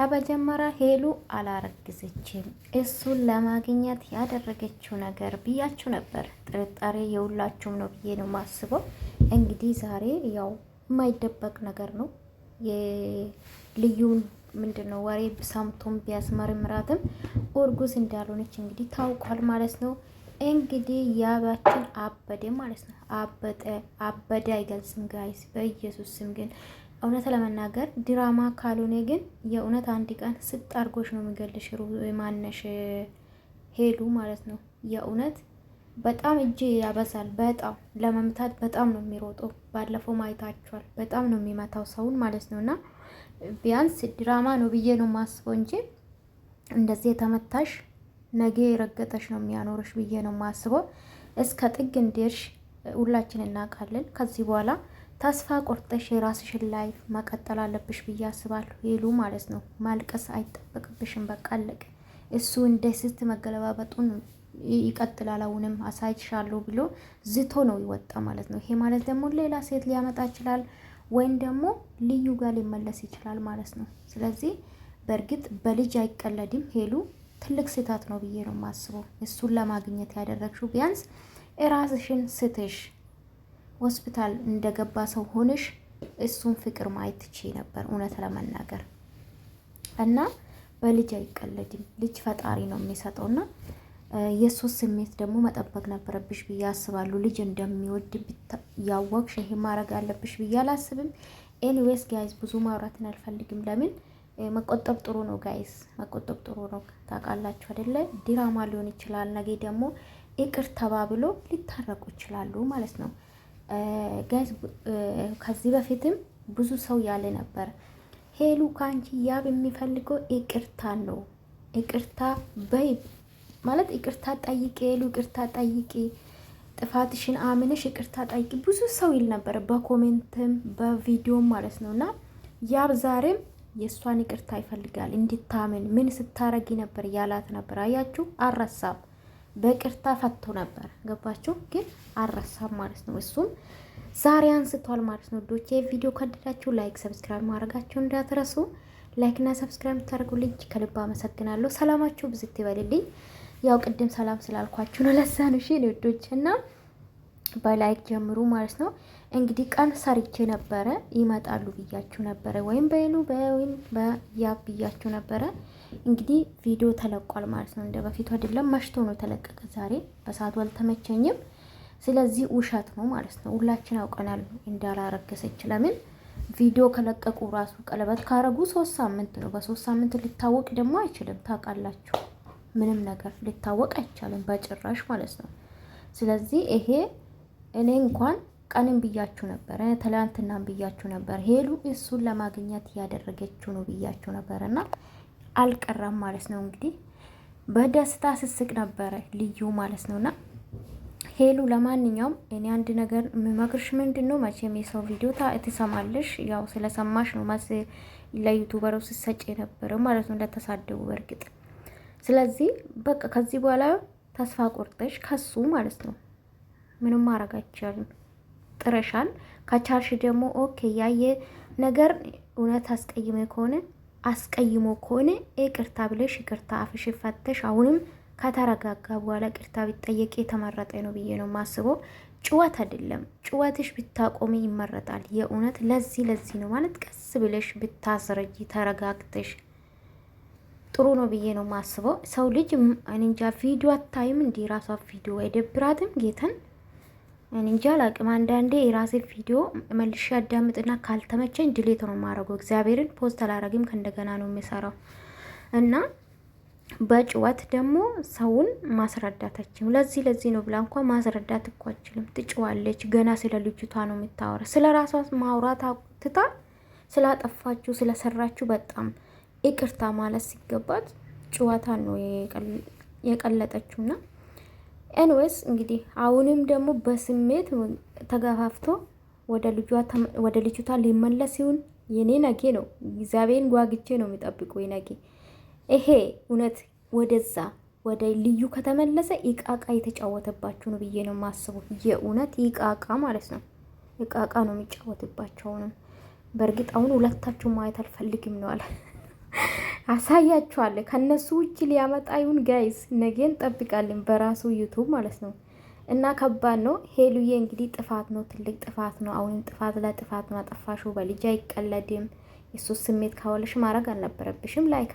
ከመጀመሪያ ሄሉ አላረግዘችም። እሱን ለማግኘት ያደረገችው ነገር ብያችሁ ነበር። ጥርጣሬ የሁላችሁም ነው ብዬ ነው ማስበው። እንግዲህ ዛሬ ያው የማይደበቅ ነገር ነው የልዩን ምንድን ነው ወሬ ሰምቶም ቢያስመረምራትም እርጉዝ እንዳልሆነች እንግዲህ ታውቋል ማለት ነው። እንግዲህ ያባችን አበደ ማለት ነው። አበጠ አበደ አይገልጽም ጋይስ በኢየሱስ ስም ግን እውነት ለመናገር ድራማ ካልሆነ ግን የእውነት አንድ ቀን ስጥ አርጎች ነው የሚገልሽ ማነሽ ሄሉ ማለት ነው። የእውነት በጣም እጅ ያበዛል። በጣም ለመምታት በጣም ነው የሚሮጠው። ባለፈው ማየታችኋል። በጣም ነው የሚመታው ሰውን ማለት ነው። እና ቢያንስ ድራማ ነው ብዬ ነው ማስበው እንጂ እንደዚህ የተመታሽ ነገ የረገጠሽ ነው የሚያኖርሽ ብዬ ነው ማስበው። እስከ ጥግ እንድርሽ ሁላችን እናውቃለን። ከዚህ በኋላ ተስፋ ቆርጠሽ የራስሽን ላይፍ መቀጠል አለብሽ ብዬ አስባለሁ። ሄሉ ማለት ነው። ማልቀስ አይጠበቅብሽም። በቃ አለቀ። እሱ እንደ ስት መገለባበጡን ይቀጥላል። አሁንም አሳይሻለሁ ብሎ ዝቶ ነው ይወጣ ማለት ነው። ይሄ ማለት ደግሞ ሌላ ሴት ሊያመጣ ይችላል ወይም ደግሞ ልዩ ጋር ሊመለስ ይችላል ማለት ነው። ስለዚህ በእርግጥ በልጅ አይቀለድም። ሄሉ ትልቅ ስህተት ነው ብዬ ነው የማስበው። እሱን ለማግኘት ያደረግሽው ቢያንስ እራስሽን ስትሽ ሆስፒታል እንደገባ ሰው ሆነሽ እሱን ፍቅር ማየት ትቼ ነበር እውነት ለመናገር እና በልጅ አይቀለድም። ልጅ ፈጣሪ ነው የሚሰጠው እና የሱስ ስሜት ደግሞ መጠበቅ ነበረብሽ ብዬ አስባለሁ። ልጅ እንደሚወድ ያወቅሽ ይሄ ማድረግ አለብሽ ብዬ አላስብም። ኤኒዌይስ ጋይስ ብዙ ማውራትን አልፈልግም። ለምን መቆጠብ ጥሩ ነው ጋይስ፣ መቆጠብ ጥሩ ነው። ታውቃላችሁ አይደለ? ድራማ ሊሆን ይችላል። ነገ ደግሞ ይቅር ተባብሎ ሊታረቁ ይችላሉ ማለት ነው። ጋይስ ከዚህ በፊትም ብዙ ሰው ያለ ነበር ሄሉ ከአንቺ ያብ የሚፈልገው ይቅርታ ነው። ይቅርታ በይ ማለት ይቅርታ ጠይቂ፣ ሄሉ ይቅርታ ጠይቂ፣ ጥፋትሽን አምነሽ ይቅርታ ጠይቂ። ብዙ ሰው ይል ነበር በኮሜንትም በቪዲዮም ማለት ነው። እና ያብ ዛሬም የእሷን ይቅርታ ይፈልጋል እንድታምን ምን ስታረጊ ነበር ያላት ነበር። አያችሁ አረሳም በቅርታ ፈቶ ነበር። ገባችሁ? ግን አረሳም ማለት ነው። እሱም ዛሬ አንስቷል ማለት ነው። ዶች ቪዲዮ ከደዳችሁ ላይክ፣ ሰብስክራይብ ማድረጋችሁ እንዳትረሱ። ላይክ ላይክና ሰብስክራይብ ታደርጉ ልጅ ከልባ አመሰግናለሁ። ሰላማችሁ ብዙ ይበልልኝ። ያው ቅድም ሰላም ስላልኳችሁ ነው። ለዛ ነው እሺ ልጆች እና በላይክ ጀምሩ ማለት ነው። እንግዲህ ቀን ሰርቼ ነበረ ይመጣሉ ብያችሁ ነበረ፣ ወይም በይኑ በወይም በያ ብያችሁ ነበረ እንግዲህ ቪዲዮ ተለቋል ማለት ነው። እንደ በፊቱ አይደለም፣ መሽቶ ነው ተለቀቀ ዛሬ። በሰዓቱ አልተመቸኝም። ስለዚህ ውሸት ነው ማለት ነው። ሁላችን አውቀናል እንዳላረገሰች። ለምን ቪዲዮ ከለቀቁ ራሱ ቀለበት ካረጉ ሶስት ሳምንት ነው። በሶስት ሳምንት ሊታወቅ ደግሞ አይችልም። ታውቃላችሁ፣ ምንም ነገር ሊታወቅ አይቻልም በጭራሽ ማለት ነው። ስለዚህ ይሄ እኔ እንኳን ቀንም ብያችሁ ነበረ፣ ትላንትናም ብያችሁ ነበር። ሄሉ እሱን ለማግኘት እያደረገችው ነው ብያችሁ ነበረና አልቀራም ማለት ነው። እንግዲህ በደስታ ስስቅ ነበረ ልዩ ማለት ነውና ሄሉ ለማንኛውም እኔ አንድ ነገር የምመክርሽ ምንድን ነው፣ መቼም የሰው ቪዲዮ ትሰማለሽ። ያው ስለሰማሽ ነው ማስ ለዩቱበሮች ስትሰጭ የነበረው ማለት ነው ለተሳደቡ በእርግጥ ስለዚህ በቃ ከዚህ በኋላ ተስፋ ቆርጠሽ ከሱ ማለት ነው ምንም ማድረግ አይቻልም። ጥረሻል። ከቻልሽ ደግሞ ኦኬ ያየ ነገር እውነት አስቀይሜ ከሆነ አስቀይሞ ከሆነ ይቅርታ ብለሽ ይቅርታ አፍሽ ፈተሽ አሁንም ከተረጋጋ በኋላ ቅርታ ቢጠየቅ የተመረጠ ነው ብዬ ነው ማስበው። ጭዋት አይደለም ጭዋትሽ ብታቆሚ ይመረጣል። የእውነት ለዚህ ለዚህ ነው ማለት ቀስ ብለሽ ብታስረጅ ተረጋግተሽ ጥሩ ነው ብዬ ነው ማስበው። ሰው ልጅ እንጃ ቪዲዮ አታይም እንዲ ራሷ ቪዲዮ አይደብራትም ጌተን እንጃ አላቅም። አንዳንዴ የራሴ ቪዲዮ መልሼ አዳምጥና ካልተመቸኝ ድሌት ነው የማደርገው። እግዚአብሔርን ፖስት አላረግም ከእንደገና ነው የሚሰራው እና በጭዋት ደግሞ ሰውን ማስረዳታችን ለዚህ ለዚህ ነው ብላ እንኳ ማስረዳት እኮ አችልም። ትጭዋለች። ገና ስለ ልጅቷ ነው የምታወራ። ስለ ራሷ ማውራት ትታ ስላጠፋችሁ ስለሰራችሁ በጣም ይቅርታ ማለት ሲገባት ጭዋታ ነው የቀለጠችውና ኤንወስ እንግዲህ አሁንም ደግሞ በስሜት ተገፋፍቶ ወደ ልጅቷ ሊመለስ ይሁን የኔ ነጌ ነው። እግዚአብሔርን ጓግቼ ነው የሚጠብቁ ነጌ። ይሄ እውነት ወደዛ ወደ ልዩ ከተመለሰ ይቃቃ የተጫወተባቸው ነው ብዬ ነው ማስቡ። የእውነት ይቃቃ ማለት ነው፣ ይቃቃ ነው የሚጫወትባቸው። አሁንም በእርግጥ አሁን ሁለታቸው ማየት አልፈልግም ነው አለ አሳያችኋለሁ። ከነሱ ውጭ ሊያመጣ ይሁን ጋይስ፣ ነገን ጠብቃለን በራሱ ዩቱብ ማለት ነው። እና ከባድ ነው። ሄሉዬ እንግዲህ ጥፋት ነው፣ ትልቅ ጥፋት ነው። አሁንም ጥፋት ለጥፋት ጥፋት ነው። አጠፋሹ በልጅ አይቀለድም። የሱስ ስሜት ካወለሽ ማድረግ አልነበረብሽም ላይ